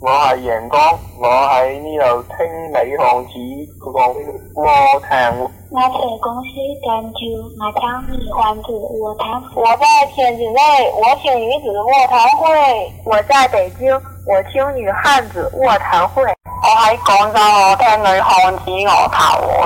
我係陽江，我喺呢度聽女漢子卧談會。我喺公司，我朝我聽女漢子卧談會。我在天津嘞，我聽女子卧談會；我在北京，我聽女漢子卧談會；我喺廣州，我聽女漢子卧談會。